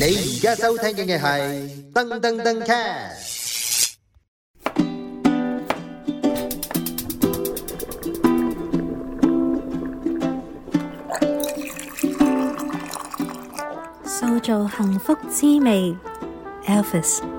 你而家收聽嘅係燈登登 cast，塑造幸福滋味，Elvis。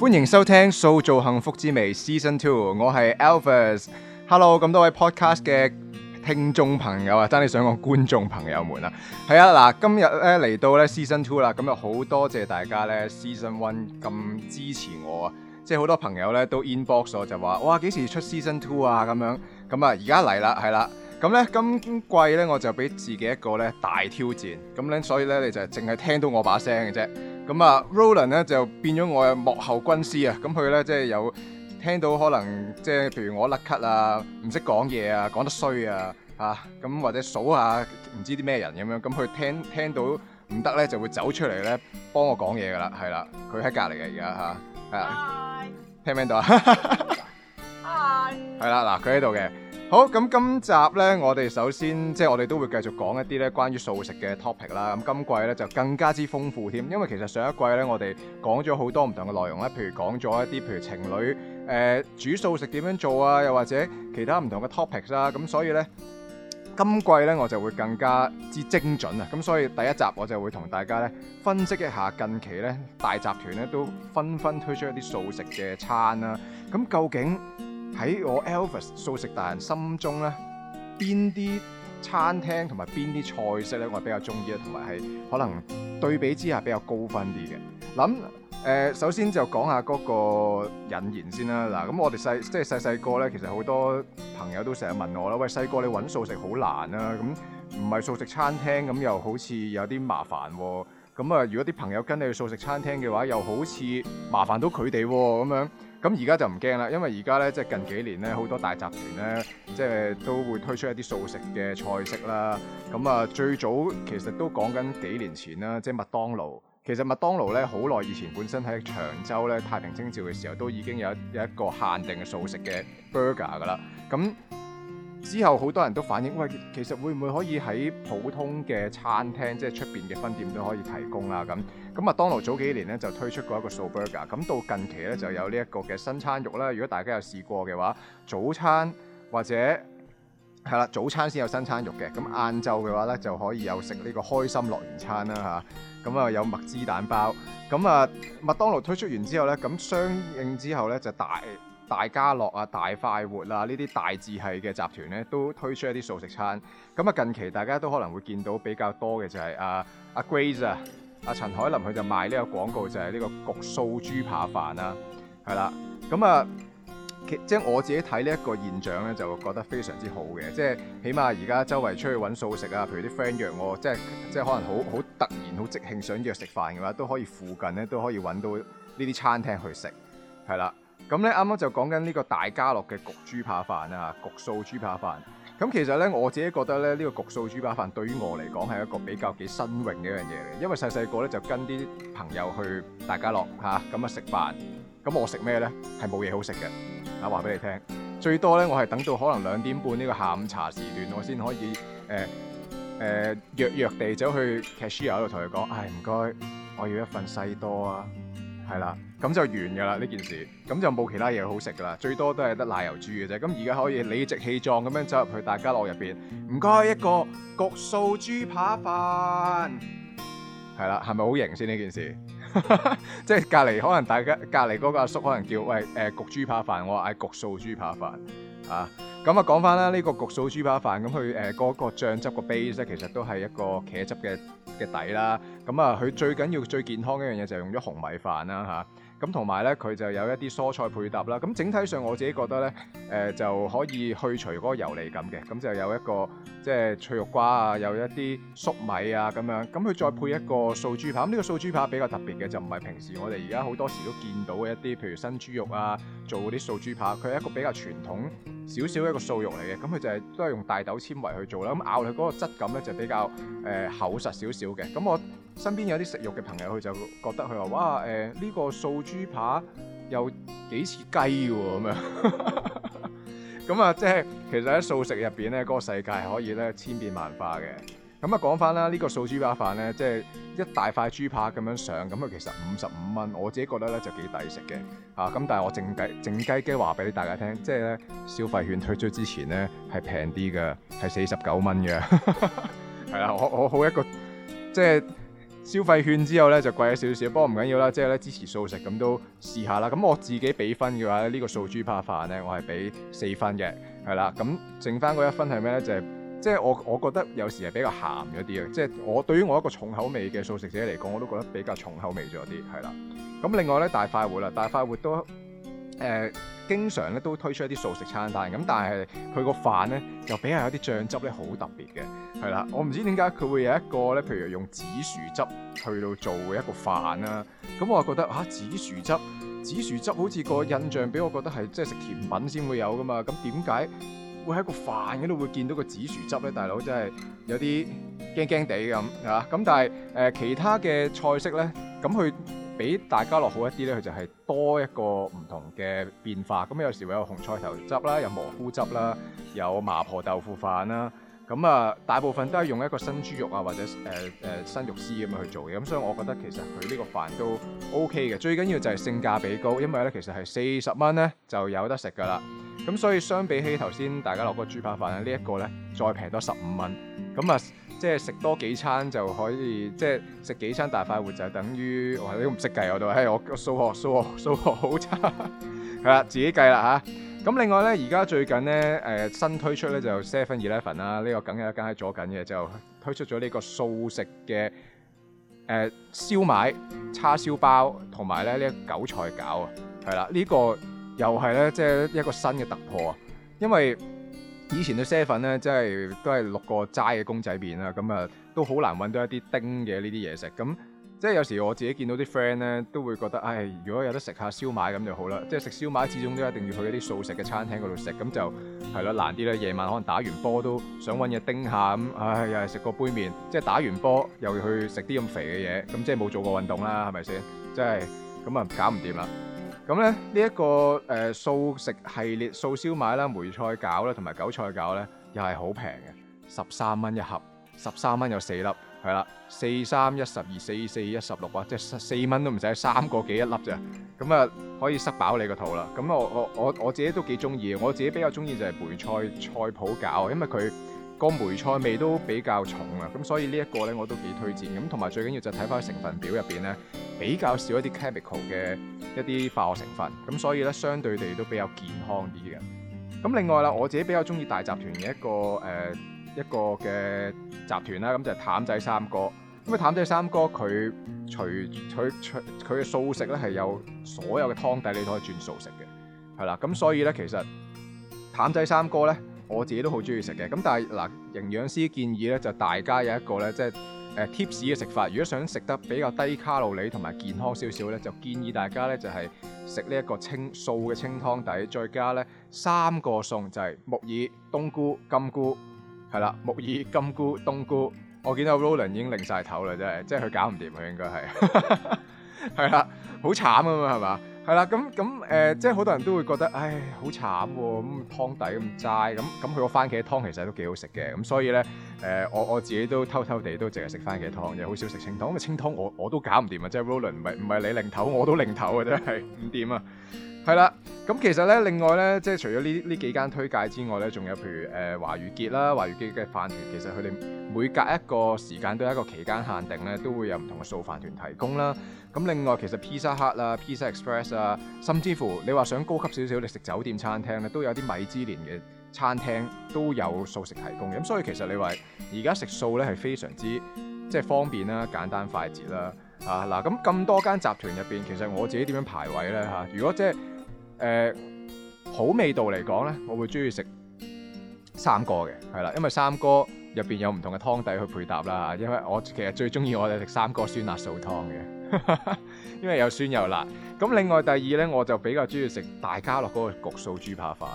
歡迎收聽塑造幸福之味 Season Two，我係 a l f r s h e l l o 咁多位 Podcast 嘅聽眾朋友啊，即係想講觀眾朋友們啊，係啊，嗱，今日咧嚟到咧 Season Two 啦，咁啊好多謝大家咧 Season One 咁支持我啊，即係好多朋友咧都 inbox 我就話，哇，幾時出 Season Two 啊，咁樣，咁啊而家嚟啦，係啦，咁咧、啊、今季咧我就俾自己一個咧大挑戰，咁咧所以咧你就淨係聽到我把聲嘅啫。咁啊，Roland 咧就變咗我嘅幕後軍師啊！咁佢咧即係有聽到可能即係，譬如我甩咳啊，唔識講嘢啊，講得衰啊，吓咁或者數下唔知啲咩人咁樣，咁佢聽聽到唔得咧，就會走出嚟咧幫我講嘢噶啦，係啦，佢喺隔籬嘅而家吓，係啦，聽唔聽到啊？係啦，嗱，佢喺度嘅。好咁，今集呢，我哋首先即係我哋都會繼續講一啲呢關於素食嘅 topic 啦。咁今季呢，就更加之豐富添，因為其實上一季呢，我哋講咗好多唔同嘅內容啦，譬如講咗一啲譬如情侶誒、呃、煮素食點樣做啊，又或者其他唔同嘅 topic 啦。咁所以呢，今季呢，我就會更加之精準啊。咁所以第一集我就會同大家呢分析一下近期呢，大集團呢都紛紛推出一啲素食嘅餐啦。咁究竟，喺我 Elvis 素食大人心中咧，邊啲餐廳同埋邊啲菜式咧，我係比較中意啦，同埋係可能對比之下比較高分啲嘅。咁誒、呃，首先就講下嗰個引言先啦。嗱，咁我哋細即係細細個咧，其實好多朋友都成日問我啦，喂，細個你揾素食好難啦，啊，咁唔係素食餐廳咁又好似有啲麻煩喎。咁啊，如果啲朋友跟你去素食餐廳嘅話，又好似麻煩到佢哋喎，咁樣。咁而家就唔驚啦，因為而家咧即係近幾年咧，好多大集團咧即係都會推出一啲素食嘅菜式啦。咁啊，最早其實都講緊幾年前啦，即係麥當勞。其實麥當勞咧好耐以前本身喺長洲咧，太平清醮嘅時候都已經有有一個限定嘅素食嘅 burger 㗎喇。咁之後好多人都反映，喂，其實會唔會可以喺普通嘅餐廳，即係出邊嘅分店都可以提供啦，啊？咁，咁麥當勞早幾年咧就推出過一個素 burger，咁到近期咧就有呢一個嘅新餐肉啦。如果大家有試過嘅話，早餐或者係啦，早餐先有新餐肉嘅，咁晏晝嘅話咧就可以有食呢個開心樂園餐啦嚇，咁啊有麥滋蛋包，咁啊麥當勞推出完之後咧，咁相應之後咧就大大家樂啊、大快活啊，呢啲大字係嘅集團呢，都推出一啲素食餐。咁啊，近期大家都可能會見到比較多嘅就係啊阿、啊、Grace 啊、阿、啊、陳凱琳佢就賣呢個廣告，就係呢個焗素豬扒飯啦，係啦。咁啊，啊即係我自己睇呢一個現象呢，就覺得非常之好嘅。即係起碼而家周圍出去揾素食啊，譬如啲 friend 約我，即係即係可能好好突然好即興想約食飯嘅話，都可以附近呢，都可以揾到呢啲餐廳去食，係啦。咁咧，啱啱就講緊呢個大家樂嘅焗豬扒飯啊，焗素豬扒飯。咁其實咧，我自己覺得咧，呢個焗素豬扒飯對於我嚟講係一個比較幾新穎嘅一樣嘢嚟。因為細細個咧就跟啲朋友去大家樂吓，咁啊食飯。咁我食咩咧？係冇嘢好食嘅。啊，話俾你聽，最多咧，我係等到可能兩點半呢個下午茶時段，我先可以誒誒弱弱地走去 cashier 度同佢講，唉唔該，我要一份西多啊。係啦，咁就完噶啦呢件事，咁就冇其他嘢好食噶啦，最多都係得奶油豬嘅啫。咁而家可以理直氣壯咁樣走入去大家樂入邊，唔該一個焗素豬扒飯。係啦，係咪好型先呢件事？即 係隔籬可能大家隔籬嗰個阿叔，叔可能叫喂，誒、呃、焗豬扒飯，我嗌焗素豬扒飯啊。咁啊，講翻啦，呢個焗素豬扒飯咁，佢誒嗰個醬汁個 base 咧，其實都係一個茄汁嘅嘅底啦。咁啊，佢最緊要最健康嘅一樣嘢就係用咗紅米飯啦吓，咁同埋咧，佢就有一啲蔬菜配搭啦。咁整體上我自己覺得咧，誒、呃、就可以去除嗰個油膩感嘅。咁就有一個即係、就是、脆肉瓜啊，有一啲粟米啊咁樣。咁佢再配一個素豬扒，咁呢個素豬扒比較特別嘅就唔係平時我哋而家好多時都見到嘅一啲，譬如新豬肉啊，做啲素豬扒，佢係一個比較傳統，少少一個素肉嚟嘅，咁佢就係、是、都係用大豆纖維去做啦，咁咬落去嗰個質感咧就比較誒、呃、厚實少少嘅。咁我身邊有啲食肉嘅朋友，佢就覺得佢話：哇誒，呢、呃這個素豬扒又幾似雞喎咁樣。咁 啊、就是，即係其實喺素食入邊咧，嗰個世界可以咧千變萬化嘅。咁啊，講翻啦，呢個素豬扒飯咧，即係一大塊豬扒咁樣上，咁啊其實五十五蚊，我自己覺得咧就幾抵食嘅，嚇咁。但係我靜雞靜雞雞話俾大家聽，即係咧消費券推出之前咧係平啲嘅，係四十九蚊嘅。係啦， 我我好一個即係消費券之後咧就貴咗少少，不過唔緊要啦，即係咧支持素食咁都試下啦。咁我自己俾分嘅話咧，呢個素豬扒飯咧我係俾四分嘅，係啦。咁剩翻嗰一分係咩咧？就係。即係我，我覺得有時係比較鹹咗啲嘅。即係我對於我一個重口味嘅素食者嚟講，我都覺得比較重口味咗啲，係啦。咁另外咧，大快活啦，大快活都誒、呃、經常咧都推出一啲素食餐單。咁但係佢個飯咧又比較有啲醬汁咧好特別嘅，係啦。我唔知點解佢會有一個咧，譬如用紫薯汁去到做嘅一個飯啦。咁我覺得嚇、啊、紫薯汁，紫薯汁好似個印象俾我覺得係即係食甜品先會有㗎嘛。咁點解？會喺個飯嗰度會見到個紫薯汁咧，大佬真係有啲驚驚地咁，係咁，但係誒，其他嘅菜式咧，咁佢俾大家落好一啲咧，佢就係多一個唔同嘅變化。咁有時會有紅菜頭汁啦，有蘑菇汁啦，有麻婆豆腐飯啦。咁啊，大部分都係用一個新豬肉啊，或者誒誒、呃呃、新肉絲咁樣去做嘅。咁、嗯、所以我覺得其實佢呢個飯都 OK 嘅，最緊要就係性價比高，因為咧其實係四十蚊咧就有得食噶啦。咁所以相比起頭先大家落個豬扒飯，這個、呢一個咧再平多十五蚊。咁啊，即係食多幾餐就可以，即係食幾餐大快活就係等於我呢個唔識計我都，唉、欸，我數學數學數學好差，係 啦，自己計啦嚇、啊。咁另外咧，而家最近咧，誒、呃、新推出咧就 Seven Eleven 啦，呢、這個梗係一間喺左緊嘅，就推出咗呢個素食嘅誒、呃、燒賣、叉燒包同埋咧呢啲、這個、韭菜餃啊，係啦，呢、這個又係咧即係一個新嘅突破啊，因為以前嘅 Seven 咧即係都係六個齋嘅公仔麵啦，咁啊都好難搵到一啲丁嘅呢啲嘢食咁。即係有時我自己見到啲 friend 咧，都會覺得，唉，如果有得食下燒賣咁就好啦。即係食燒賣始終都一定要去一啲素食嘅餐廳嗰度食，咁就係啦，難啲啦。夜晚可能打完波都想揾嘢叮下咁，唉，又係食個杯麪。即係打完波又去食啲咁肥嘅嘢，咁即係冇做過運動啦，係咪先？即係咁啊，就搞唔掂啦。咁咧呢一、這個誒、呃、素食系列素燒賣啦、梅菜餃啦、同埋韭菜餃咧，又係好平嘅，十三蚊一盒，十三蚊有四粒。係啦，四三一十二四四一十六啊，4, 3, 1, 12, 4, 4, 1, 16, 即係四蚊都唔使三個幾一粒啫。咁啊，可以塞飽你個肚啦。咁我我我我自己都幾中意，我自己比較中意就係梅菜菜脯餃，因為佢個梅菜味都比較重啊。咁所以呢一個咧我都幾推薦。咁同埋最緊要就睇翻成分表入邊咧，比較少一啲 chemical 嘅一啲化學成分。咁所以咧，相對地都比較健康啲嘅。咁另外啦，我自己比較中意大集團嘅一個誒。呃一個嘅集團啦，咁就係譚仔三哥咁啊。譚仔三哥佢除佢佢嘅素食咧，係有所有嘅湯底，你都可以轉素食嘅係啦。咁所以咧，其實譚仔三哥咧，我自己都好中意食嘅。咁但係嗱、呃，營養師建議咧，就大家有一個咧，即係誒 tips 嘅食法。如果想食得比較低卡路里同埋健康少少咧，就建議大家咧就係食呢一個清素嘅清湯底，再加咧三個餸，就係、是、木耳、冬菇、金菇。係啦，木耳、金菇、冬菇，我見到 Roland 已經擰晒頭啦，真係，即係佢搞唔掂佢應該係，係啦，好 慘啊嘛，係嘛，係啦，咁咁誒，即係好多人都會覺得，唉，好慘喎，咁、哎、湯底咁齋，咁咁佢個番茄湯其實都幾好食嘅，咁所以咧，誒、呃，我我自己都偷偷地都淨係食番茄湯，又好少食清湯，因為清湯我我都搞唔掂啊，即係 Roland 唔係唔係你擰頭，我都擰頭啊，真係唔掂啊！係啦，咁其實咧，另外咧，即係除咗呢呢幾間推介之外咧，仲有譬如誒、呃、華御結啦，華御結嘅飯團其實佢哋每隔一個時間都係一個期間限定咧，都會有唔同嘅素飯團提供啦。咁另外其實 Pizza Hut 啦、啊、Pizza Express 啊，甚至乎你話想高級少少，你食酒店餐廳咧，都有啲米芝蓮嘅餐廳都有素食提供嘅。咁所以其實你話而家食素咧係非常之即係方便啦、簡單快捷啦。嚇、啊、嗱，咁咁多間集團入邊，其實我自己點樣排位咧嚇、啊？如果即係誒好味道嚟講咧，我會中意食三哥嘅，係啦，因為三哥入邊有唔同嘅湯底去配搭啦，因為我其實最中意我哋食三哥酸辣素湯嘅， 因為有酸又辣。咁另外第二咧，我就比較中意食大家樂嗰個焗素豬扒飯。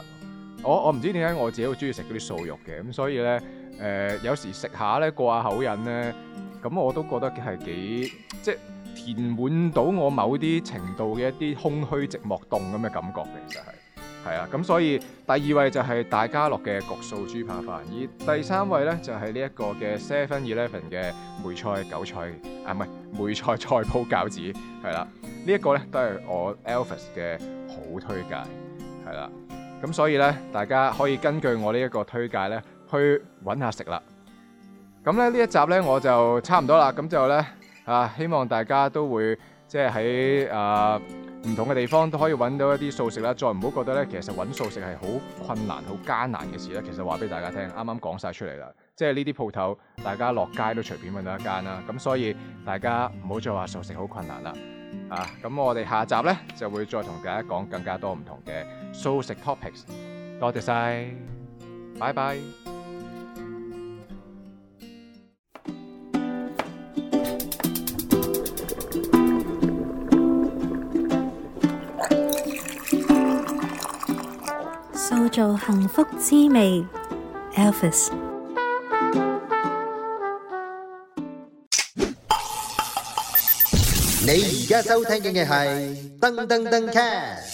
我我唔知點解我自己好中意食嗰啲素肉嘅，咁所以咧誒、呃、有時食下咧過下口癮咧，咁我都覺得係幾即係。填滿到我某啲程度嘅一啲空虛、寂寞、凍咁嘅感覺嘅，其實係係啊，咁所以第二位就係大家樂嘅焗素豬扒飯，而第三位咧就係呢一個嘅 Seven Eleven 嘅梅菜韭菜啊，唔係梅菜菜脯餃子，係啦，這個、呢一個咧都係我 Alvis 嘅好推介，係啦，咁所以咧大家可以根據我呢一個推介咧去揾下食啦，咁咧呢一集咧我就差唔多啦，咁就咧。啊！希望大家都會即係喺誒唔同嘅地方都可以揾到一啲素食啦，再唔好覺得咧，其實揾素食係好困難、好艱難嘅事啦。其實話俾大家聽，啱啱講晒出嚟啦，即係呢啲鋪頭，大家落街都隨便揾到一間啦。咁所以大家唔好再話素食好困難啦。啊！咁我哋下集咧就會再同大家講更加多唔同嘅素食 topics。多謝晒，拜拜。做幸福滋味，Elvis。你而家收聽嘅係燈登登 cast。